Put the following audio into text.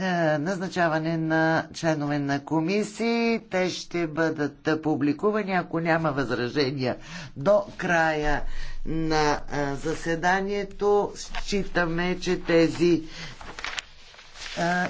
Е, назначаване на членове на комисии. Те ще бъдат публикувани, ако няма възражения до края на е, заседанието. Считаме, че тези е,